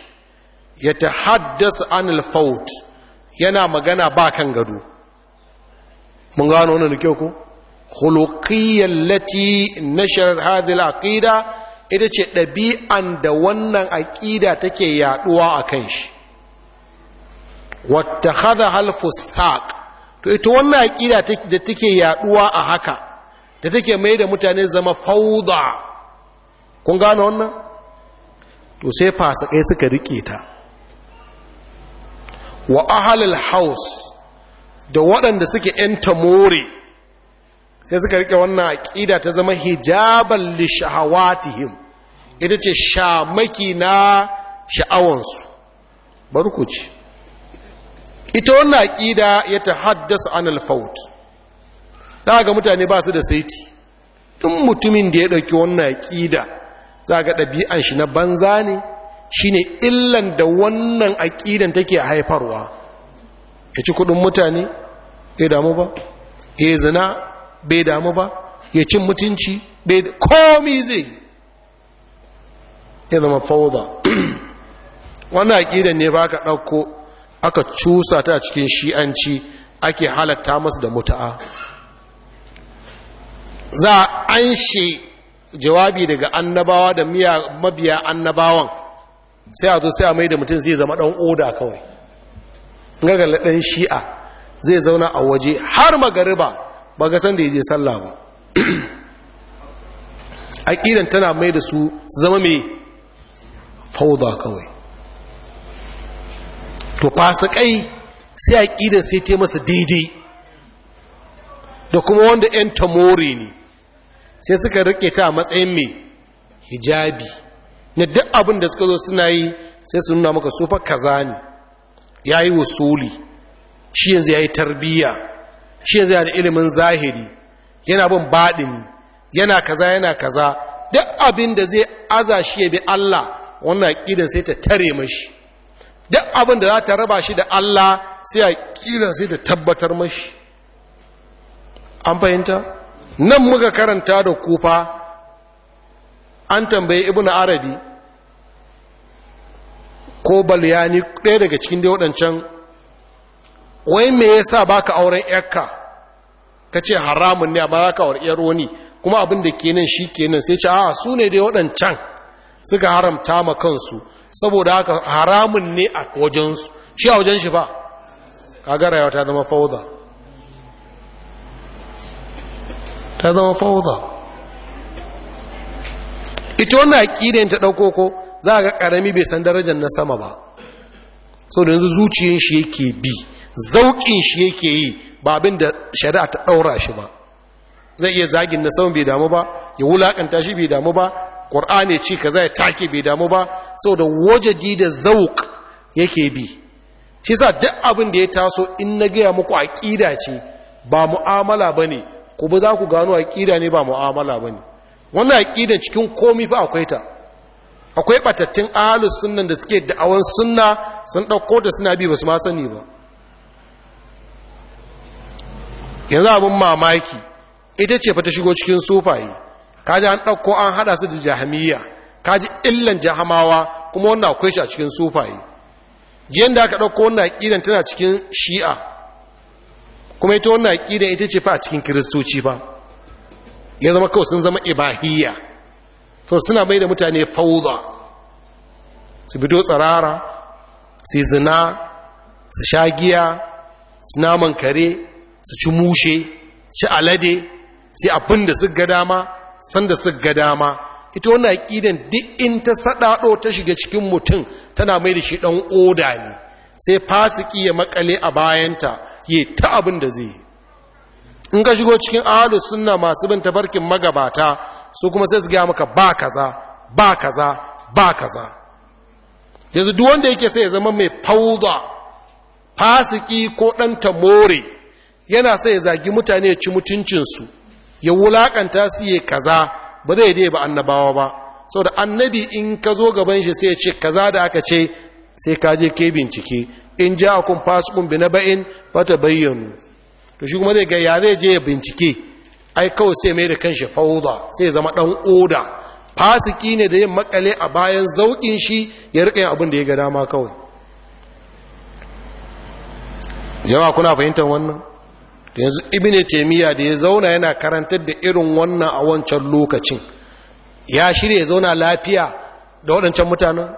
[SPEAKER 1] ya tahaddasu anil fawd yana magana ba kan gado mun gano wannan da kyau ko khuluqiyya allati nasharat hadhihi al-aqida ita ce ɗabi'an da wannan aƙida take yaɗuwa a kan shi wata hada halfus saƙ to ita wannan aƙida da take yaɗuwa a haka da take mai da mutane zama fauda kun gano wannan to sai fasakai suka riƙe ta wa ahalil Haus da waɗanda suke ‘yan more sai suka riƙe wannan aƙida ta zama hijaban lishawatihim ita ce shamaki na sha'awansu bari ku ci ita wannan aƙida ya ta haddasa an alfaut ta ga mutane ba su da saiti ɗin mutumin da ya ɗauki wannan aƙida za ga ɗabi'an shi na banza ne shi ne illan da wannan aƙidan take haifarwa ya ci kuɗin mutane ya damu ba ya zina bai damu ba ya cin mutunci bai komi zai ya mafauza wannan aƙidan ne ba ka ɗauko aka cusa ta cikin shi'anci ake halatta masu da mutu'a za a an shi jawabi daga annabawa da mabiya annabawan sai a zo sai a mai da mutum zai zama ɗan oda kawai gagalla ɗan shi'a zai zauna a waje har magariba ba ga san da ya je sallah ba aƙidan tana mai da su zama mai fauda kawai to fasikai sai a aƙida sai ta masa daidai da kuma wanda 'yan tamori ne sai suka rike ta a matsayin mai hijabi na duk abin da suka zo suna yi sai su nuna maka sofa kaza ne ya yi wasuli shi yanzu ya yi tarbiyya shi yanzu ya da ilimin zahiri yana bin baɗini yana kaza yana kaza duk abin da zai aza shi ya bi Allah wannan aƙidan sai ta tare mashi duk abin da za ta raba shi da Allah sai aƙidan sai ta tabbatar mashi an fahimta nan muka karanta da kufa an tambayi ibn arabi ko balyani ɗaya daga cikin da waɗancan wai me yasa baka auren yakka ka ce haramun ne amma za ka auren yar wani kuma abin da kenan shi kenan sai ce a su ne dai waɗancan suka haramta ma kansu saboda haka haramun ne a wajensu shi a wajen shi ba kaga rayuwa ta zama fauza ta zama fauza ita wannan ta ɗaukoko ko za ga ƙarami bai san darajar na sama ba so da yanzu zuciyin shi yake bi zauƙin shi yake yi ba abin da shari'a ta ɗaura shi ba zai iya zagin na sama bai damu ba ya wulaƙanta shi bai damu ba ƙur'ani ci ka zai take bai damu ba sau saboda wajadi da zauk yake bi shi sa duk abin da ya taso in na gaya muku aƙida ce ba mu'amala ba ne ku ba za ku gano aƙida ne ba mu'amala ba ne wannan aƙidan cikin komi fa akwai ta akwai batattun ahalus sunnan da suke da'awan sunna sun ɗauko da suna bi ba su ma sani ba yanzu abin mamaki ita ce fa ta shigo cikin sufaye kaji an ɗauko an haɗa su da jahamiyya kaji illan jahamawa kuma wannan akwai shi a cikin sufaye jiyan da aka ɗauko wannan aƙidan tana cikin shi'a kuma ita wannan aƙidan ita ce fa a cikin kiristoci fa ya zama kawai sun zama ibahiyya to suna bai da mutane fauda su bido tsarara, su zina su sha giya su naman kare su ci mushe ci alade sai abin da su ga dama sanda su ga dama ita wannan aqidan duk in ta saɗaɗo ta shiga cikin mutum tana mai da shi ɗan oda ne sai fasiki ya makale a bayanta ya ta abin da zai in ka shigo cikin ahlus sunna masu bin tafarkin magabata su kuma sai su ga maka ba kaza ba kaza ba kaza yanzu duk wanda yake sai ya zama mai fauda fasiki ko dan more, yana sai ya zagi mutane ya ci mutuncinsu ya wulakanta su yi kaza ba zai dai ba annabawa ba sau da annabi in ka zo gaban shi sai ya ce kaza da aka ce sai ka je ke bincike in ja akun fasikun bi na ba'in ta bayyanu to shi kuma zai ga ya zai je ya bincike ai kawai sai mai da kanshi fauda sai zama dan oda fasiki ne da yin makale a bayan zauƙin shi ya rika yin abin da ya ga dama kawai jama'a kuna fahimtar wannan yanzu ibini taimiyya da ya zauna yana karantar da irin wannan a wancan lokacin ya shirya ya zauna lafiya da waɗancan mutanen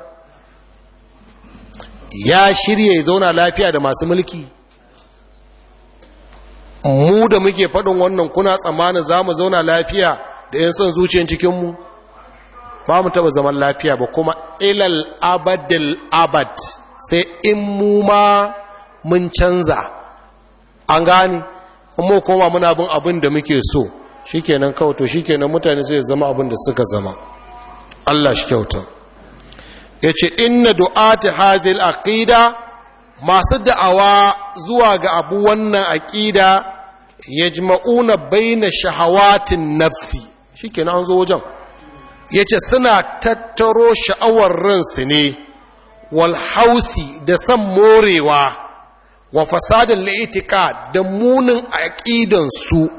[SPEAKER 1] ya shirya ya zauna lafiya da masu mulki mu da muke faɗin wannan kuna tsammanin za mu zauna lafiya da yin son zuciyar cikinmu ba mu taɓa zaman lafiya ba kuma ilal abadil abad sai in mu ma mun canza an gani mu koma muna bin abin da muke so shikenan kawai to shikenan mutane sai zama abin da suka zama Allah shi kyauta yace inna du'ati hazil aqida masu da'awa zuwa ga abu wannan aqida yajma'una baina shahawatin nafsi shikenan an zo wajen yace suna tattaro sha'awar ransu ne walhausi da san morewa wa fasadin la'itika da munin aƙidansu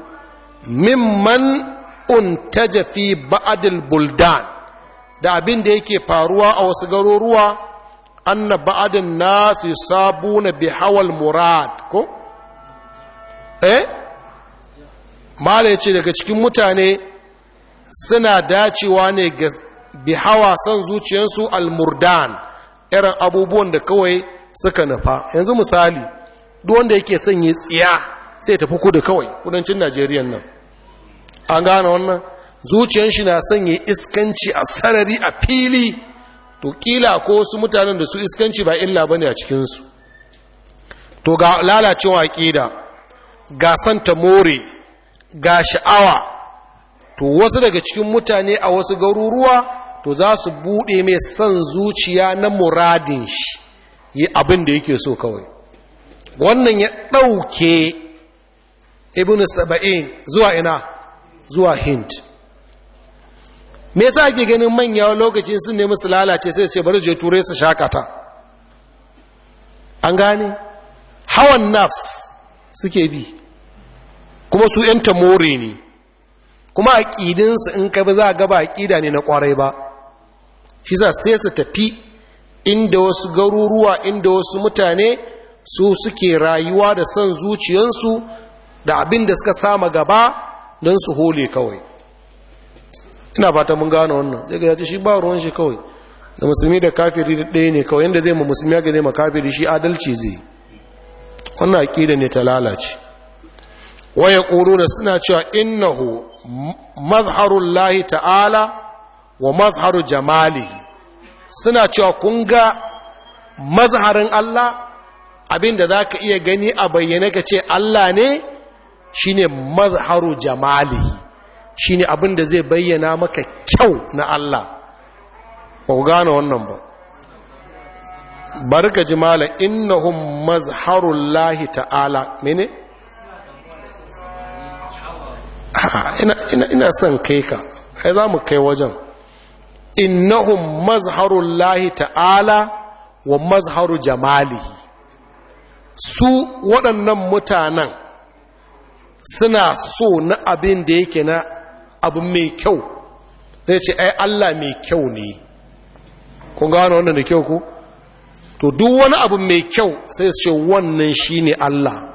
[SPEAKER 1] mimman untaja fi ba'adil buldan da abin da yake faruwa a wasu garuruwa anna ba'adin nasu sabuna bi hawal murad ko eh mala yace daga cikin mutane suna dacewa ne ga bi hawa son zuciyarsu almurdan irin abubuwan da kawai suka nufa yanzu misali duk wanda yake son ya tsiya sai tafi kudu kawai kudancin najeriya nan an gane wannan zuciyar shi na son yi iskanci a sarari a fili to kila ko wasu mutanen da su iskanci ba illa bane a cikinsu to ga lalacewa aƙida ga santa more ga sha'awa to wasu daga cikin mutane a wasu garuruwa to za su buɗe mai son zuciya na muradin shi yi abin da yake so kawai wannan ya ɗauke ibn saba'in zuwa ina zuwa hind me yasa ake ganin manya lokaci sun nemi su lalace sai ce bari je Ture su shakata an gane hawan nafs suke bi kuma su yan tamore ne kuma a ƙidinsu in ka bi za a gaba aƙida ne na ƙwarai ba shi sa sai su tafi inda wasu garuruwa inda wasu mutane su suke rayuwa da son zuciyansu da abin da suka sama gaba don su hole kawai ina fata mun gano wannan zai ga shi ba ruwan shi kawai da musulmi da kafiri da ɗaya ne kawai yadda zai ma musulmi ya gane ma kafiri shi adalci zai wannan aƙida ne ta lalace waya ƙoro da suna cewa innahu mazharun lahi ta'ala wa mazharu jamali' suna cewa kun ga mazharin Allah abinda za ka iya gani a bayyane ka ce Allah ne shi ne mazharu jamalihi shi ne abin da zai bayyana maka kyau na Allah ba ku gane wannan ba barka jimala innahum mazharun lahi ta'ala mene? ina son kai ka ai za mu kai wajen innahum mazharun lahi ta'ala wa mazharu jamalihi su waɗannan mutanen suna so na abin da yake na abu mai kyau zai ce ai Allah mai kyau ne kun gano wannan da kyau ku to duk wani abu mai kyau sai su ce wannan shine Allah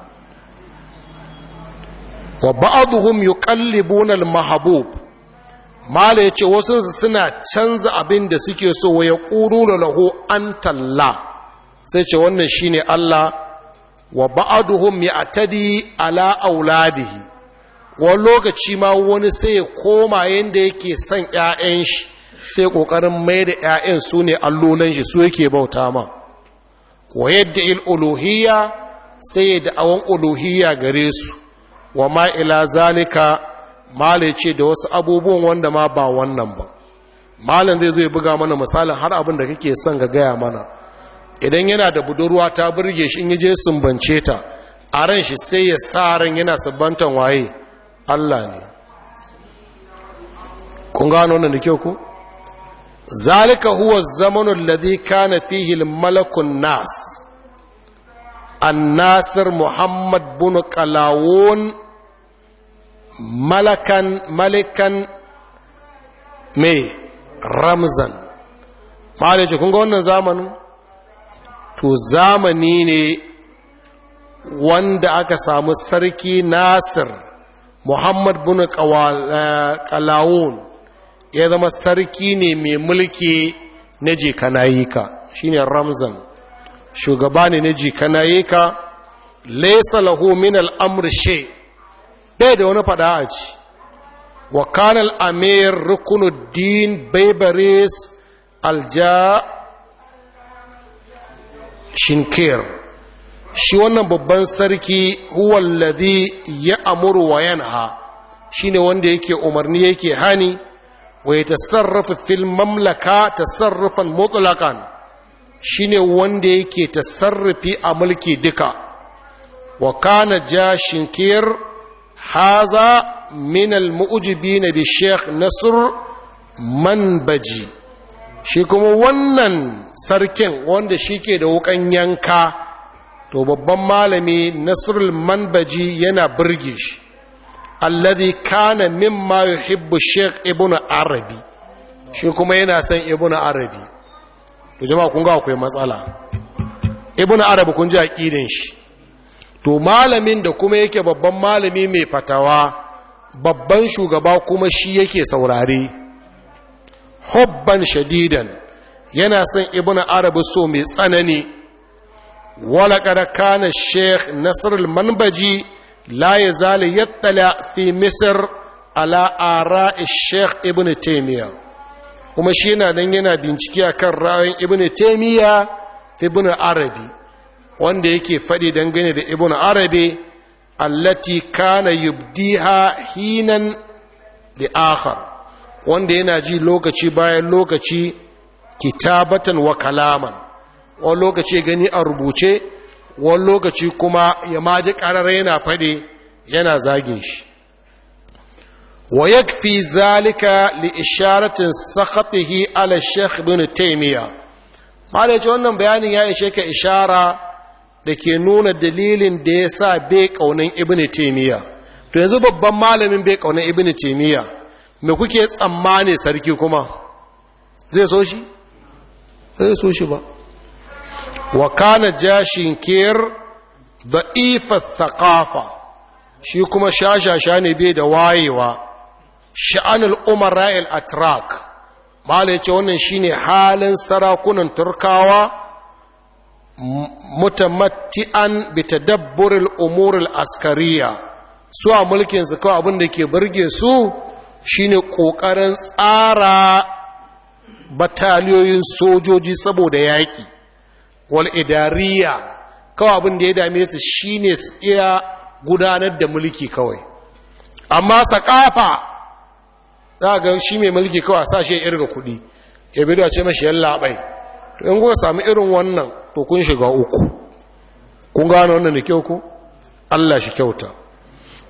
[SPEAKER 1] wa ba'dhum yuqallibuna al-mahbub mala yace wasu suna canza abin da suke so wa yaqulu lahu anta Allah sai ce wannan shine Allah wa ba'aduhum ya'tadi ala auladihi wa lokaci ma wani sai ya koma yanda yake son 'ya'yan shi sai kokarin mai da 'ya'yan su ne allolan shi su yake bauta ma wa yadda il uluhiyya sai ya awon uluhiyya gare su wa ma ila zalika malai ce da wasu abubuwan wanda ma ba wannan ba malin zai zo ya buga mana misalin har abin da kake son ga gaya mana idan yana da budurwa ta burge shi in je sumbance ta a ran shi sai ya sa ran yana sabbantan waye Allah ne kun gano wannan da kyau ku zalika huwa zamanu alladhi kana fihi malakun nas annasir muhammad bin qalawun malakan malikan me ramzan malaje kun ga wannan zamanin to zamani ne wanda aka samu sarki nasir muhammad bin kalawun eh, ya zama sarki ne mai mulki na jikanayika shine ramzan shugaba ne na jikanayika laisa lahu min al'amr she bai da wani fada a ci wa amir rukunuddin baibaris alja shinkir shi wannan babban sarki huwallazi ya amuru wa yanha shine wanda yake umarni yake hani wa yatasarrafu fil mamlaka tasarrufan mutlaqan shine wanda yake tasarrufi a mulki duka wa kana shinkir haza min al mu'jibin bi sheikh nasr manbaji shi kuma wannan sarkin wanda shi ke da wukan yanka to babban malami nasrul manbaji yana birge shi alladhi kana mimma yuhibbu sheikh ibnu arabi shi kuma yana son ibnu arabi to jama'a kun ga akwai matsala ibnu arabi kun ji aqidin shi to malamin da kuma yake babban malami mai fatawa babban shugaba kuma shi yake saurare hubban shadidan yana son ibn arabi so mai tsanani wala kada kana sheikh nasr al-manbaji la yazal yattala fi misr ala ara'i sheikh ibn taymiya kuma shi yana nan yana bincike akan ra'ayin ibn taymiya ibn arabi wanda yake faɗi dangane da ibn arabi allati kana yubdiha hinan li akhar wanda yana ji lokaci bayan lokaci kitabatan wa kalaman wani lokaci gani a rubuce wani lokaci kuma ya maji ƙararra yana faɗi yana zagin shi wa fi zalika li isharatin sakhatihi ala sheikh bin taymiya ya ce wannan bayanin ya ishe ka ishara da ke nuna dalilin da ya sa bai kaunan ibn Taimiyya. to yanzu babban malamin bai kaunan ibn Taimiyya. me kuke tsammani sarki kuma zai so shi zai so shi ba wa kana jashin kiyar da thaqafa shi kuma shashasha ne bai da wayewa sha'anul umara'il atrak ya ce wannan shi ne halin sarakunan turkawa mutamatti'an bi dabburin umurin askariya su a mulkinsu su kawai abin ke birge su shine ƙoƙarin tsara bataliyoyin sojoji saboda yaƙi wal idariya kawai abin da ya dame su shine su iya gudanar da mulki kawai amma sakafa za ga shi mai mulki kawai sa shi ya irga kuɗi ya bi da ce mashi yan labai to in kuka sami irin wannan to kun shiga uku kun gano wannan da kyau ku Allah shi kyauta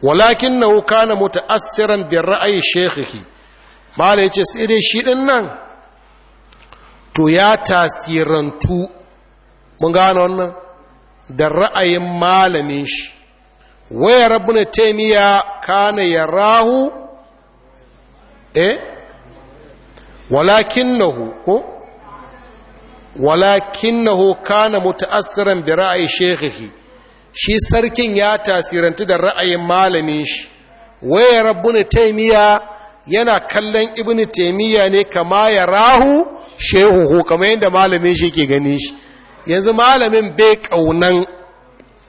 [SPEAKER 1] walakin na wuka na mutaassiran bin ra'ayi shekhihi mala ya ce sai dai shi ɗin nan to ya tasirantu mun gano wannan da ra'ayin malamin shi waya rabu na taimiya kana ya rahu eh walakin na ko walakin na kana mutaassiran bin ra'ayi shekhihi shi sarkin ya tasirantu da ra'ayin malamin shi waya rabbuna taimiya yana kallon ibn taimiya ne kama ya rahu shehuhu kama yadda malamin shi ke gani shi yanzu malamin bai kaunan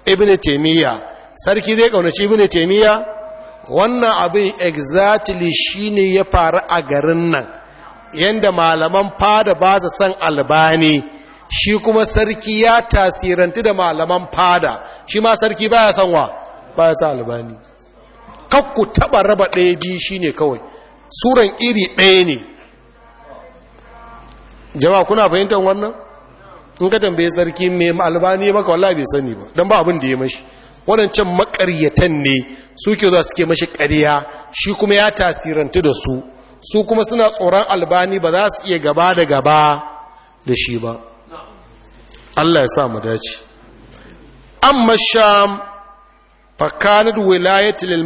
[SPEAKER 1] ibn taimiya sarki zai ƙaunaci ibn taimiya wannan abin exactly shine ya faru a garin nan yadda malaman fada ba su san albani shi kuma sarki ya tasirantu da malaman fada shi ma sarki baya san wa baya san albani kakku taba raba ɗaya biyu shi ne kawai suran iri ɗaya ne jama kuna fahimtar wannan in ka tambaye sarki mai albani maka wallahi bai sani ba don ba abin da ya mashi waɗancan makaryatan ne suke zuwa suke mashi ƙarya shi kuma ya tasirantu da su su kuma suna tsoron albani ba za su iya gaba da gaba da shi ba Allah ya sa mu dace amma sham fakanar wilayati lil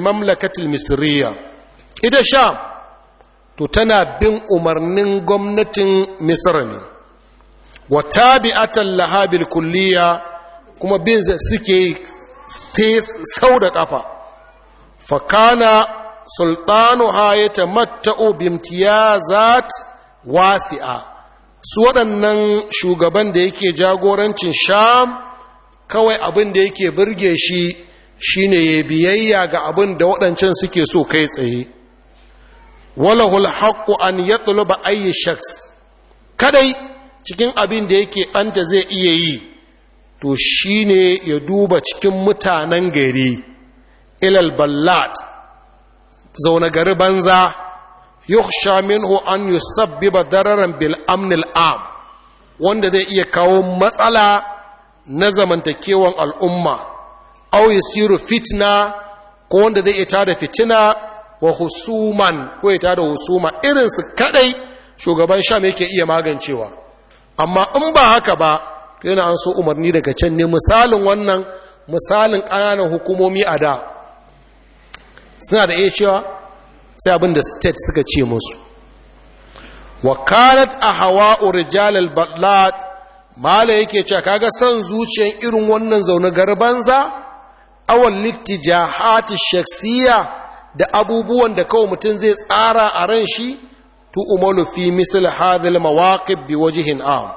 [SPEAKER 1] misriya ita sham to tana bin umarnin gwamnatin misra ne wa tabi'atan laha kulliya kuma bin suke sau da kafa fakana sultanuha yatamatta'u bimtiyazat wasi'a su waɗannan shugaban da yake jagorancin sham kawai abin da yake birge shi shine ya biyayya ga abin da waɗancan suke so kai tsaye walahul haqqu an yatluba ayyi shakhs kadai cikin abin da yake ɓanta zai iya yi to shine ya duba cikin mutanen gari ilal ballat zaune gari banza yukhsha minhu an yusabbiba dararan bil al am wanda zai iya kawo matsala na zamantakewan al'umma aw yasiru fitna ko wanda zai ita da fitina wa husuman ko ita da husuma irin su kadai shugaban sham yake iya magancewa amma in ba haka ba to yana an so umarni daga can ne misalin wannan misalin ƙananan hukumomi a da suna da iya cewa sai abin da state suka ce musu wakalat a hawa urijalal batlat mala yake cewa kaga son zuciyar irin wannan zaune garbanza littija littijahati shaksiya da abubuwan da kawai mutum zai tsara a ran shi tu umalu fi misal hadhal mawaqib bi wajhin am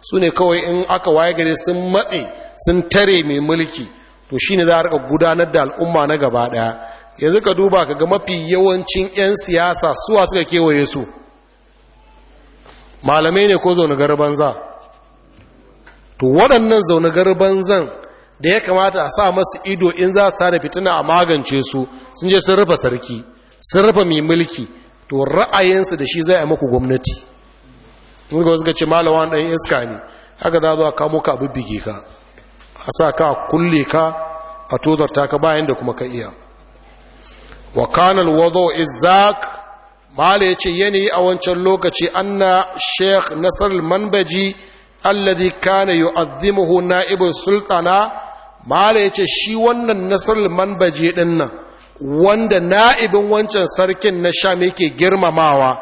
[SPEAKER 1] sune kawai in aka waye gare sun matse sun tare mai mulki to shine za a rika gudanar da al'umma na gaba daya yanzu ka duba ka ga mafi yawancin 'yan siyasa suwa suka kewaye su malamai ne ko zaune garban za to waɗannan zaune garban zan da ya kamata a sa masu ido in za su da fitina a magance su sun je sun rufe sarki sun rufe mai mulki to ra'ayinsu da shi zai a maku gwamnati in ga wasu ce malawa ɗan iska ne haka za zuwa kamo ka abu ka a sa ka kulle ka a tozarta ka bayan da kuma ka iya wa kana alwado izak mala yanayi a wancan lokaci anna sheikh nasar manbaji alladhi kana yu'azzimuhu na'ibul sultana mala shi wannan nasar manbaji din nan wanda na'ibin wancan sarkin na sham yake girmamawa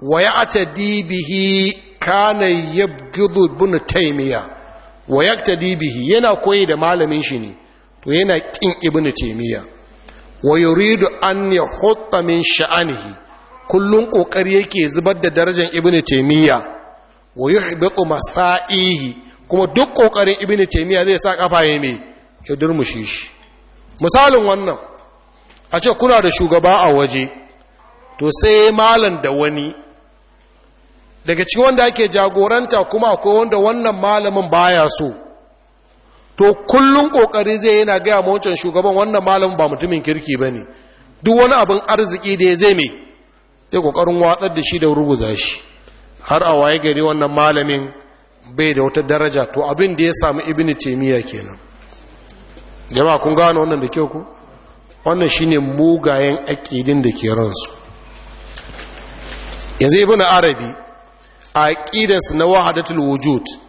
[SPEAKER 1] wa ya'tadi bihi kana yabghidu ibn taymiya wa yaktadi bihi yana koyi da malamin shi ne to yana kin ibn taymiya wa yuridu an ya hutta min sha'anihi kullum kokari yake zubar da darajar ibnu taymiya wa yuhbitu masaihi kuma duk kokarin ibnu taymiya zai sa kafa ya me ya durmushe shi misalin wannan a ce kuna da shugaba a waje to sai malam da wani daga cikin wanda ake jagoranta kuma akwai wanda wannan malamin baya so to kullum kokari zai yana gaya mawancan shugaban wannan malam ba mutumin kirki ba ne duk wani abin arziki da ya zai mai ya kokarin watsar da shi da ruguza shi har a waye gari wannan malamin bai da wata daraja to abin da ya samu ibini taimiyya kenan jama'a kun gano wannan da kyau ku wannan shine mugayen aƙidin da ke ransu yanzu ibn arabi a aƙidansu na wahadatul wujud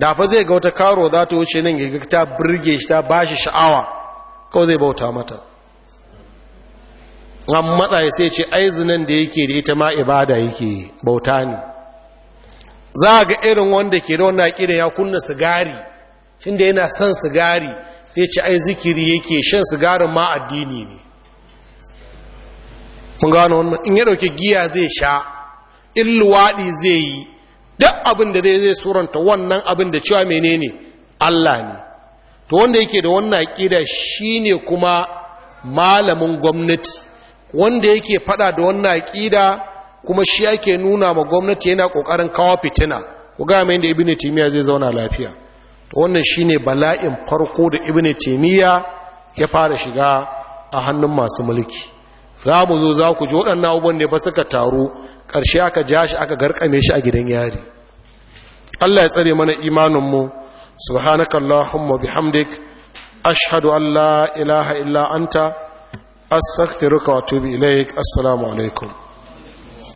[SPEAKER 1] da fa zai ga wata karo za ta wuce nan ga ta birge shi ta ba shi sha'awa kawai zai bauta mata an matsa ya sai ce aizinin da yake da ita ma ibada yake bauta ne za a ga irin wanda ke rauna kira ya kunna sigari shi da yana son sigari sai ce ai zikiri yake shan sigarin ma addini ne mun gano wannan in ya dauki giya zai sha in luwaɗi zai yi duk abin da zai zai suranta wannan abin da cewa menene Allah ne to wanda yake da wannan shi shine kuma malamin gwamnati wanda yake fada da wannan aƙida kuma shi ake nuna ma gwamnati yana kokarin kawo fitina ku ga mai da ibnu timiya zai zauna lafiya to wannan shine bala'in farko da ibnu timiya ya fara shiga a hannun masu mulki za mu zo za ku ji waɗannan abubuwan ne ba suka taru ƙarshe aka ja shi aka garkame shi a gidan yari Allah ya tsare mana imaninmu subhanakallahumma bihamdik Ashadu an la ilaha illa anta astaghfiruka wa atubu ilaik assalamu alaikum